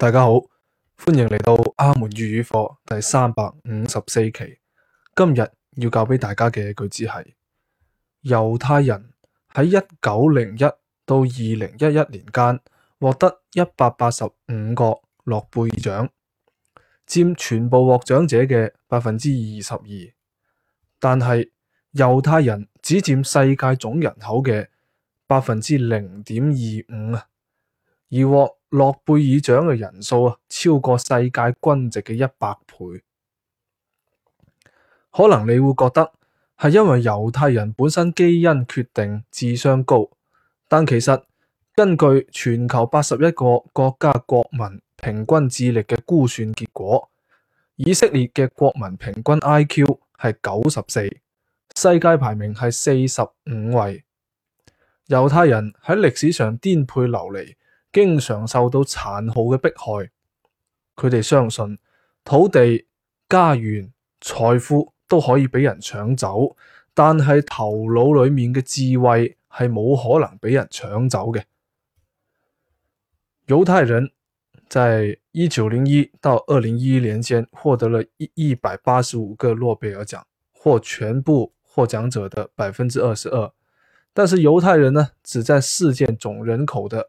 大家好，歡迎嚟到阿門粵語課第三百五十四期。今日要教俾大家嘅句子係：猶太人喺一九零一到二零一一年間獲得一百八十五個諾貝爾獎，占全部獲獎者嘅百分之二十二。但係猶太人只占世界總人口嘅百分之零點二五啊！而獲諾貝爾獎嘅人數啊，超過世界均值嘅一百倍。可能你會覺得係因為猶太人本身基因決定智商高，但其實根據全球八十一個國家國民平均智力嘅估算結果，以色列嘅國民平均 IQ 係九十四，世界排名係四十五位。猶太人喺歷史上顛沛流離。經常受到殘酷嘅迫害，佢哋相信土地、家園、財富都可以俾人搶走，但係頭腦裏面嘅智慧係冇可能俾人搶走嘅。猶太人在一九零一到二零一一年間獲得了一一百八十五個諾貝爾獎，獲全部獲獎者的百分之二十二，但是猶太人呢，只佔世界總人口的。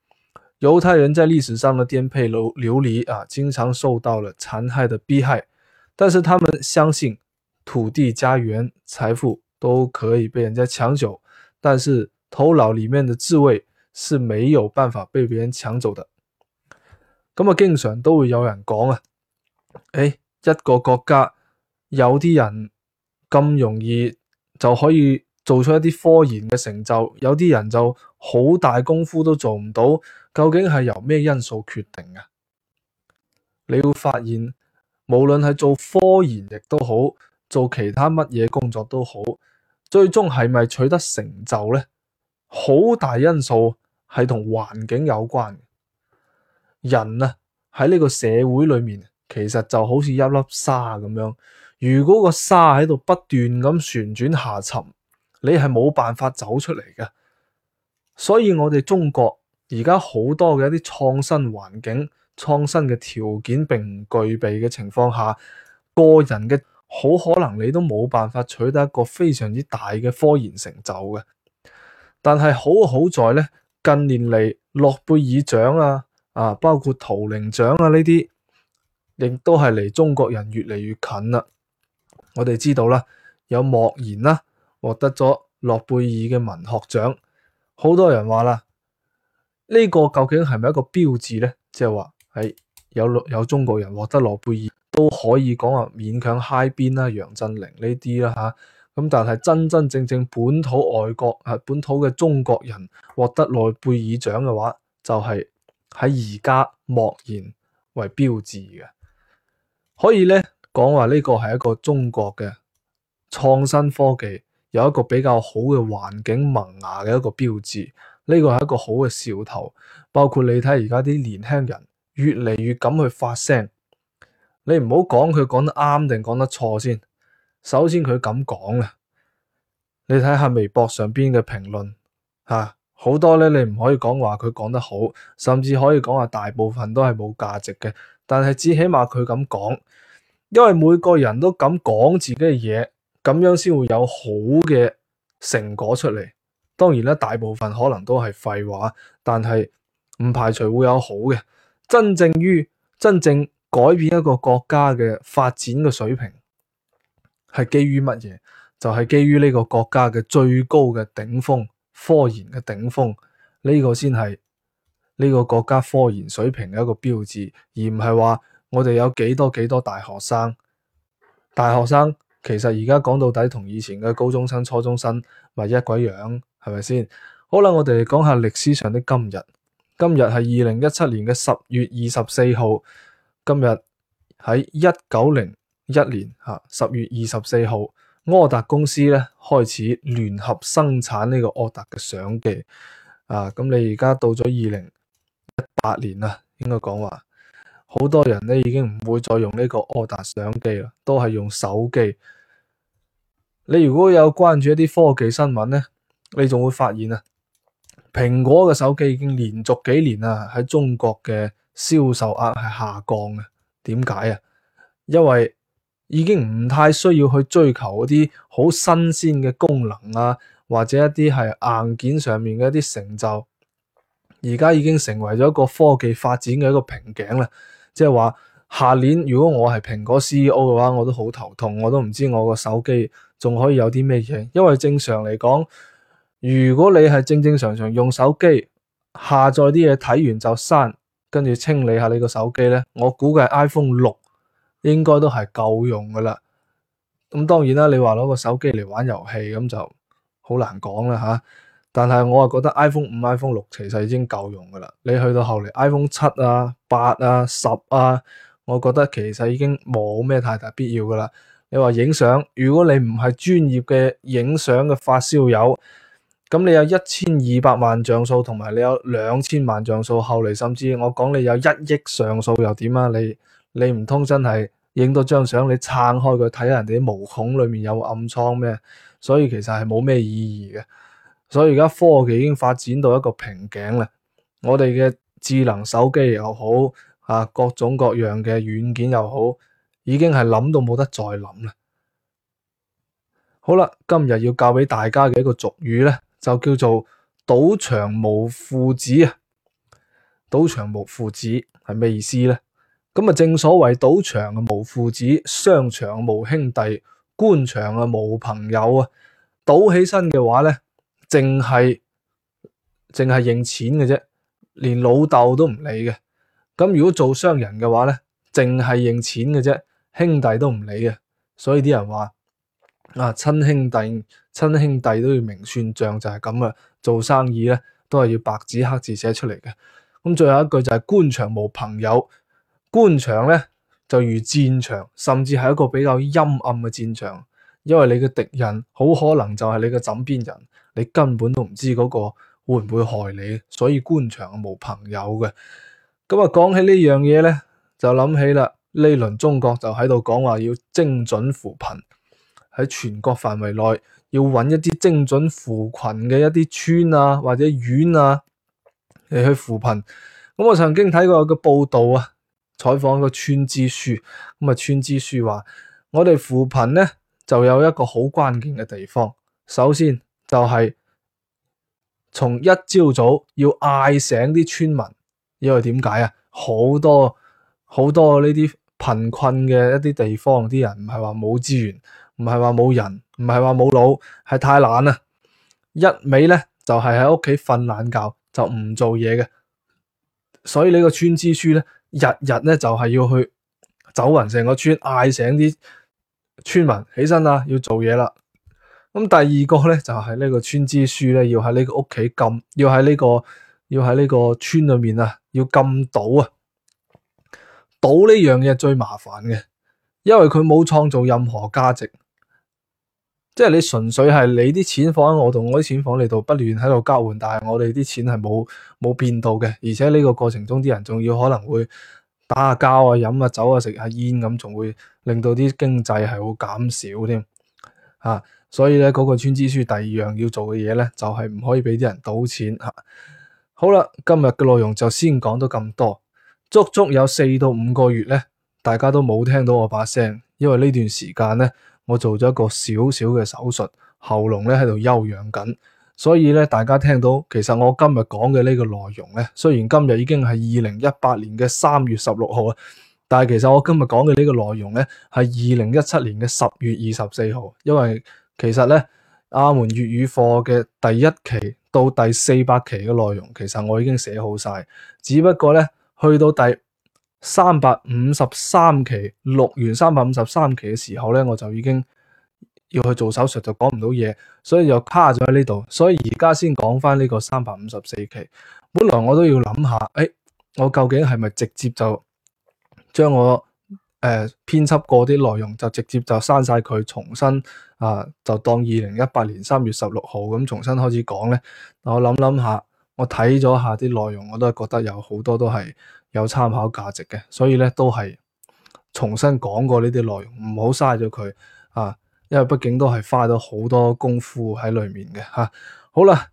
猶太人在歷史上的顛沛流流離啊，經常受到了殘害的逼害，但是他們相信土地、家園、財富都可以被人家搶走，但是頭腦裏面的智慧是沒有辦法被別人搶走的。咁啊，經常都會有人講啊，誒、哎，一個國家有啲人咁容易就可以做出一啲科研嘅成就，有啲人就好大功夫都做唔到。究竟係由咩因素決定啊？你會發現，無論係做科研亦都好，做其他乜嘢工作都好，最終係咪取得成就呢？好大因素係同環境有關。人啊，喺呢個社會裏面，其實就好似一粒沙咁樣。如果個沙喺度不斷咁旋轉下沉，你係冇辦法走出嚟嘅。所以我哋中國。而家好多嘅一啲創新環境、創新嘅條件並唔具備嘅情況下，個人嘅好可能你都冇辦法取得一個非常之大嘅科研成就嘅。但係好好在咧，近年嚟諾貝爾獎啊啊，包括圖靈獎啊呢啲，亦都係離中國人越嚟越近啦、啊。我哋知道啦，有莫言啦、啊，獲得咗諾貝爾嘅文學獎，好多人話啦。呢個究竟係咪一個標誌呢？即係話喺有有中國人獲得諾貝爾，都可以講話勉強嗨邊啦，楊振寧呢啲啦吓。咁、啊、但係真真正正本土外國本土嘅中國人獲得諾貝爾獎嘅話，就係喺而家莫言為標誌嘅。可以呢講話呢個係一個中國嘅創新科技，有一個比較好嘅環境萌芽嘅一個標誌。呢個係一個好嘅兆頭，包括你睇而家啲年輕人越嚟越敢去發聲。你唔好講佢講得啱定講得錯先，首先佢咁講啊。你睇下微博上邊嘅評論，吓、啊、好多咧，你唔可以講話佢講得好，甚至可以講話大部分都係冇價值嘅。但係至起碼佢咁講，因為每個人都敢講自己嘅嘢，咁樣先會有好嘅成果出嚟。當然啦，大部分可能都係廢話，但係唔排除會有好嘅。真正於真正改變一個國家嘅發展嘅水平，係基於乜嘢？就係基於呢個國家嘅最高嘅頂峰，科研嘅頂峰呢個先係呢個國家科研水平嘅一個標誌，而唔係話我哋有幾多幾多大學生。大學生其實而家講到底同以前嘅高中生、初中生咪一鬼樣。係咪先？好啦，我哋講下歷史上的今日。今日係二零一七年嘅十月二十四號。今日喺一九零一年吓十月二十四號，柯達公司咧開始聯合生產呢個柯達嘅相機。啊，咁你而家到咗二零一八年啦，應該講話好多人咧已經唔會再用呢個柯達相機啦，都係用手機。你如果有關注一啲科技新聞咧？你仲會發現啊，蘋果嘅手機已經連續幾年啊喺中國嘅銷售額係下降嘅。點解啊？因為已經唔太需要去追求嗰啲好新鮮嘅功能啊，或者一啲係硬件上面嘅一啲成就。而家已經成為咗一個科技發展嘅一個瓶頸啦。即係話下年如果我係蘋果 CEO 嘅話，我都好頭痛，我都唔知我個手機仲可以有啲咩嘢，因為正常嚟講。如果你係正正常常用手機下載啲嘢，睇完就刪，跟住清理下你個手機呢，我估計 iPhone 六應該都係夠用噶啦。咁、嗯、當然啦，你話攞個手機嚟玩遊戲咁就好難講啦吓。但係我啊覺得 iPhone 五、iPhone 六其實已經夠用噶啦。你去到後嚟 iPhone 七啊、八啊、十啊，我覺得其實已經冇咩太大必要噶啦。你話影相，如果你唔係專業嘅影相嘅發燒友，咁你有一千二百萬像素，同埋你有兩千萬像素，後嚟甚至我講你有一億像素又點啊？你你唔通真係影到張相，你撐開佢睇下人哋啲毛孔裏面有，有暗瘡咩？所以其實係冇咩意義嘅。所以而家科技已經發展到一個瓶頸啦。我哋嘅智能手機又好，啊，各種各樣嘅軟件又好，已經係諗到冇得再諗啦。好啦，今日要教俾大家嘅一個俗語咧。就叫做賭場無父子啊，賭場無父子係咩意思呢？咁啊，正所謂賭場啊無父子，商場啊無兄弟，官場啊無朋友啊。賭起身嘅話呢，淨係淨係認錢嘅啫，連老豆都唔理嘅。咁如果做商人嘅話呢，淨係認錢嘅啫，兄弟都唔理嘅。所以啲人話。啊，親兄弟，親兄弟都要明算賬，就係咁啊！做生意咧，都係要白紙黑字寫出嚟嘅。咁、嗯、最後一句就係、是、官場無朋友，官場咧就如戰場，甚至係一個比較陰暗嘅戰場，因為你嘅敵人好可能就係你嘅枕邊人，你根本都唔知嗰個會唔會害你，所以官場係無朋友嘅。咁、嗯、啊，講起呢樣嘢咧，就諗起啦，呢輪中國就喺度講話要精準扶貧。喺全國範圍內要揾一啲精準扶貧嘅一啲村啊或者縣啊嚟去扶貧。咁我曾經睇過一個報道啊，採訪一個村支書。咁啊，村支書話：我哋扶貧呢，就有一個好關鍵嘅地方，首先就係從一朝早要嗌醒啲村民，因為點解啊？好多好多呢啲貧困嘅一啲地方啲人唔係話冇資源。唔係話冇人，唔係話冇腦，係太懶啊！一味咧就係喺屋企瞓懶覺，就唔做嘢嘅。所以呢個村支書咧，日日咧就係要去走勻成個村，嗌醒啲村民起身啊，要做嘢啦。咁第二個咧就係呢個村支書咧，要喺呢個屋企禁，要喺呢個要喺呢個村裏面啊，要禁賭啊！賭呢樣嘢最麻煩嘅，因為佢冇創造任何價值。即係你純粹係你啲錢放喺我度，我啲錢放你度，不斷喺度交換，但係我哋啲錢係冇冇變到嘅，而且呢個過程中啲人仲要可能會打下交啊、飲下、啊、酒啊、食下煙咁，仲、啊、會令到啲經濟係會減少添啊，所以咧嗰、那個村支書第二樣要做嘅嘢咧，就係、是、唔可以俾啲人賭錢吓、啊。好啦，今日嘅內容就先講到咁多，足足有四到五個月咧，大家都冇聽到我把聲，因為呢段時間咧。我做咗一個小小嘅手術，喉嚨咧喺度休養緊，所以咧大家聽到，其實我今日講嘅呢個內容咧，雖然今日已經係二零一八年嘅三月十六號啊，但係其實我今日講嘅呢個內容咧係二零一七年嘅十月二十四號，因為其實咧阿門粵語課嘅第一期到第四百期嘅內容，其實我已經寫好晒，只不過咧去到第。三百五十三期錄完三百五十三期嘅時候呢，我就已經要去做手術，就講唔到嘢，所以就卡咗喺呢度。所以而家先講翻呢個三百五十四期。本來我都要諗下，誒、欸，我究竟係咪直接就將我誒編輯過啲內容就直接就刪晒佢，重新啊、呃、就當二零一八年三月十六號咁重新開始講呢。我諗諗下，我睇咗下啲內容，我都係覺得有好多都係有參考價值嘅，所以咧都係重新講過呢啲內容，唔好嘥咗佢啊！因為畢竟都係花咗好多功夫喺裏面嘅嚇、啊。好啦，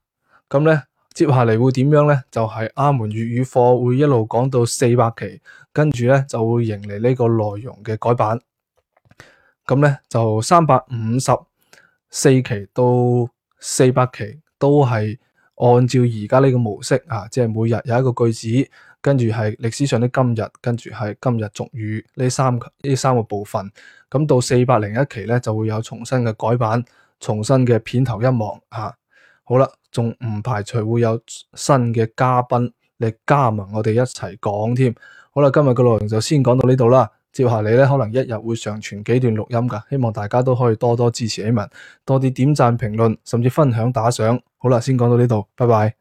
咁、嗯、咧接下嚟會點樣咧？就係、是、阿門粵語課會一路講到四百期，跟住咧就會迎嚟呢個內容嘅改版。咁、嗯、咧就三百五十四期到四百期都係按照而家呢個模式啊，即係每日有一個句子，跟住係歷史上的今日，跟住係今日俗語呢三呢三個部分。咁到四百零一期呢，就會有重新嘅改版，重新嘅片頭一望吓、啊。好啦，仲唔排除會有新嘅嘉賓嚟加盟我哋一齊講添、啊。好啦，今日嘅內容就先講到呢度啦。接下嚟呢，可能一日會上傳幾段錄音噶，希望大家都可以多多支持阿門，多啲點，點讚、評論，甚至分享、打賞。好啦，先講到呢度，拜拜。